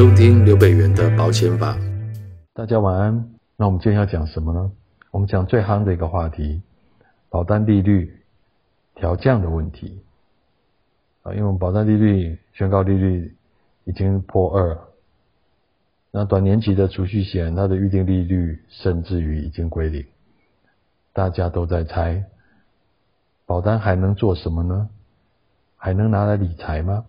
收聽劉北元的保險法，大家晚安。那我們今天要講什麼呢？我們講最夯的一個話題，保單利率調降的問題啊，因為我們保單利率宣告利率已經破二，那短年期的儲蓄險，它的預定利率甚至於已經歸零，大家都在猜，保單還能做什麼呢？還能拿來理財嗎？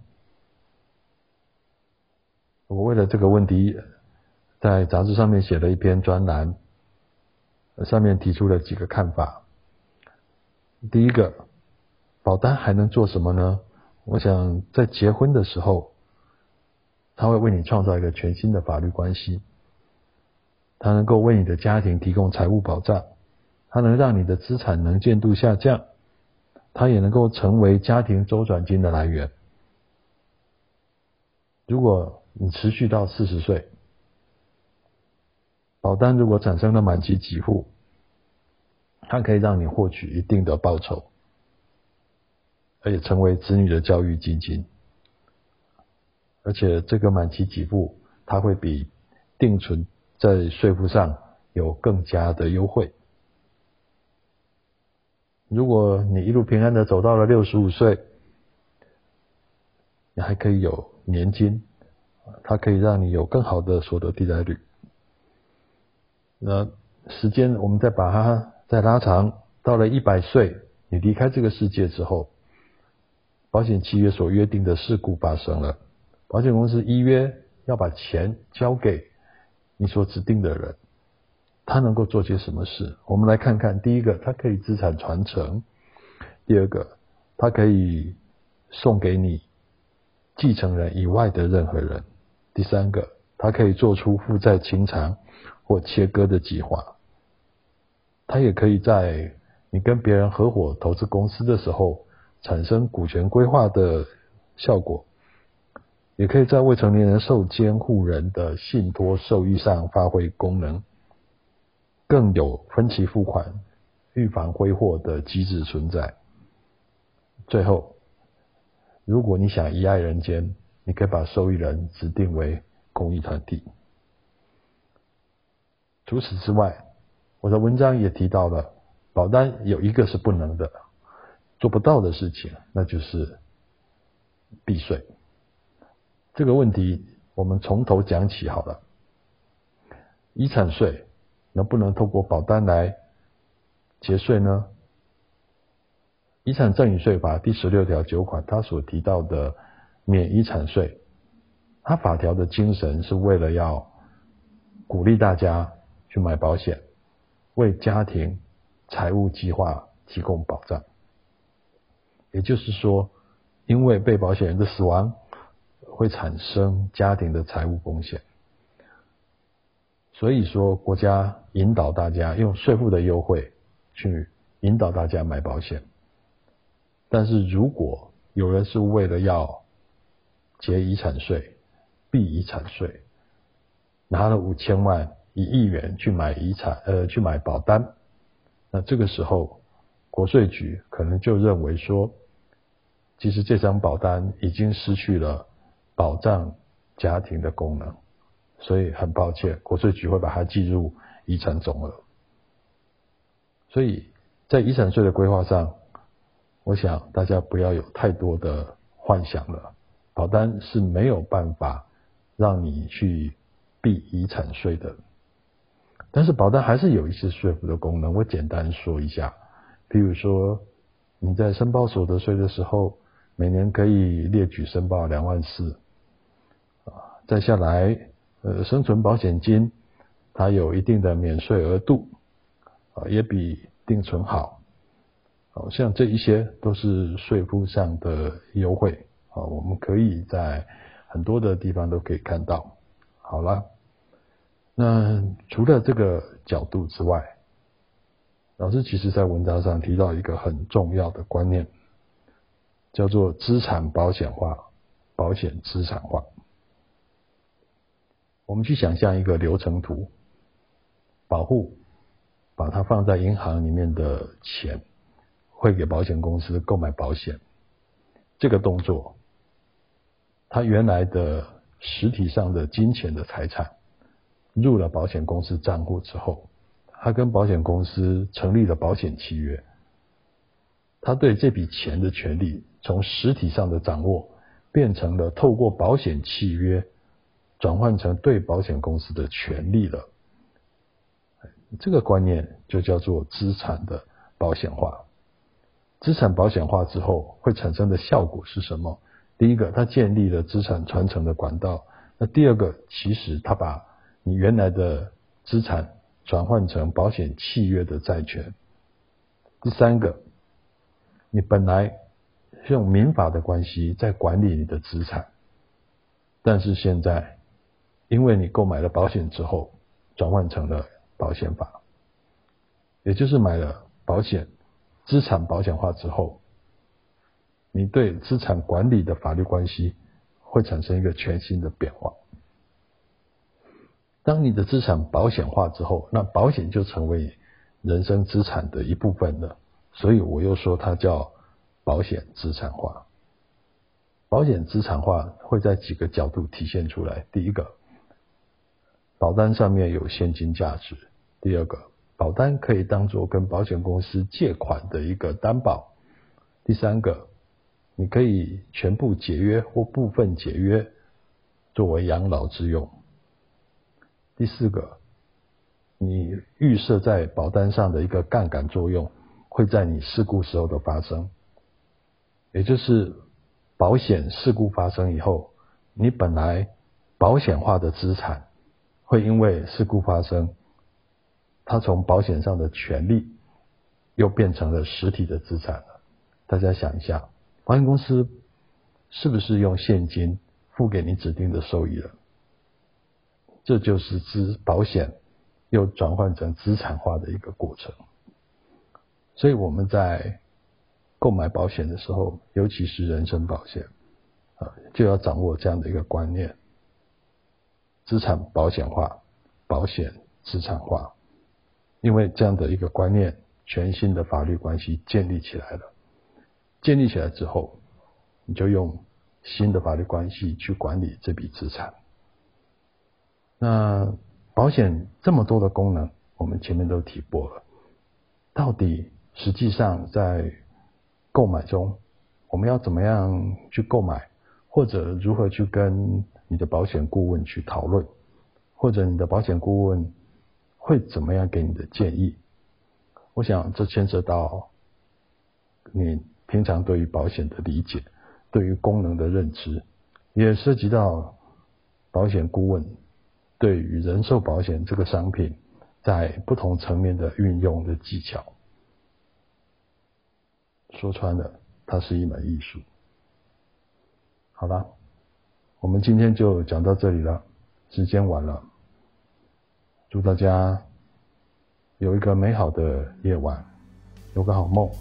我為了這個問題，在雜誌上面寫了一篇專欄，上面提出了幾個看法。第一個，保單還能做什麼呢？我想在結婚的時候，它會為你創造一個全新的法律關係，它能夠為你的家庭提供財務保障，它能讓你的資產能見度下降，它也能夠成為家庭周轉金的來源。如果你持續到四十歲，保單如果產生了滿期給付，它可以讓你獲取一定的報酬，而且成為子女的教育基金、金，而且這個滿期給付，它會比定存在稅負上有更加的優惠。如果你一路平安的走到了六十五歲，你還可以有年金。它可以讓你有更好的所得替代率。那時間我們再把它再拉長，到了一百歲，你離開這個世界之後，保險契約所約定的事故發生了，保險公司依約要把錢交給你所指定的人。他能夠做些什麼事？我們來看看，第一個，它可以資產傳承；第二個，它可以送給你繼承人以外的任何人。第三個，它可以做出負債清償或切割的計劃。它也可以在你跟別人合夥投資公司的時候產生股權規劃的效果，也可以在未成年人受監護人的信託受益上發揮功能，更有分期付款、預防揮霍的機制存在。最後，如果你想遺愛人間，你可以把受益人指定為公益團體。除此之外，我的文章也提到了，保單有一個是不能的、做不到的事情，那就是避稅。這個問題我們從頭講起好了。遺產稅能不能透過保單來節稅呢？《遺產贈與稅法》第十六條九款，它所提到的。免遺產稅，他法條的精神是為了要鼓勵大家去買保險，為家庭財務計劃提供保障。也就是說，因為被保險人的死亡會產生家庭的財務風險，所以說國家引導大家用稅負的優惠去引導大家買保險。但是如果有人是為了要結遺產稅，避遺產稅，拿了五千萬、一億元去買遺產，呃，去買保單，那這個時候國稅局可能就認為說，其實這張保單已經失去了保障家庭的功能，所以很抱歉，國稅局會把它計入遺產總額。所以在遺產稅的規劃上，我想大家不要有太多的幻想了。保單是沒有辦法讓你去避遺產稅的，但是保單還是有一些稅負的功能。我簡單說一下，比如說你在申報所得稅的時候，每年可以列舉申報兩萬四，啊，再下來呃生存保險金它有一定的免稅額度，啊也比定存好，好像這一些都是稅負上的優惠。啊，我們可以在很多的地方都可以看到。好了，那除了這個角度之外，老師其實，在文章上提到一個很重要的觀念，叫做資產保險化、保險資產化。我們去想象一個流程圖，保護把它放在銀行裡面的錢，匯給保險公司購買保險，這個動作。他原來的實體上的金錢的財產入了保險公司賬戶之後，他跟保險公司成立了保險契約。他對這筆錢的權利從實體上的掌握變成了透過保險契約轉換成對保險公司的權利了。這個觀念就叫做資產的保險化。資產保險化之後會產生的效果是什麼？第一個，它建立了資產傳承的管道；那第二個，其實它把你原來的資產轉換成保險契約的債權；第三個，你本來是用民法的關係在管理你的資產，但是現在因為你購買了保險之後，轉換成了保險法，也就是買了保險，資產保險化之後。你對資產管理的法律關係會產生一個全新的變化。當你的資產保險化之後，那保險就成為人生資產的一部分了。所以我又說它叫保險資產化。保險資產化會在幾個角度體現出來：第一個，保單上面有現金價值；第二個，保單可以當做跟保險公司借款的一個擔保；第三個。你可以全部解約或部分解約作為養老之用。第四個，你預設在保單上的一個槓桿作用會在你事故時候的發生，也就是保險事故發生以後，你本來保險化的資產會因為事故發生，它從保險上的權利又變成了實體的資產了。大家想一下。保險公司是不是用現金付給你指定的收益了？這就是資保險又轉換成資產化的一個過程。所以我們在購買保險的時候，尤其是人身保險啊，就要掌握這樣的一個觀念：資產保險化，保險資產化。因為這樣的一個觀念，全新的法律關係建立起來了。建立起來之後，你就用新的法律關係去管理這筆資產。那保險這麼多的功能，我們前面都提過了。到底實際上在購買中，我們要怎麼樣去購買，或者如何去跟你的保險顧問去討論，或者你的保險顧問會怎麼樣給你的建議。我想這牽涉到你。平常對於保險的理解，對於功能的認知，也涉及到保險顧問對於人壽保險這個商品在不同層面的運用的技巧。說穿了，它是一門藝術。好了，我們今天就講到這裡了，時間晚了，祝大家有一個美好的夜晚，有個好夢。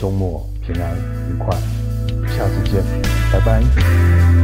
週末平安愉快，下次見，拜拜。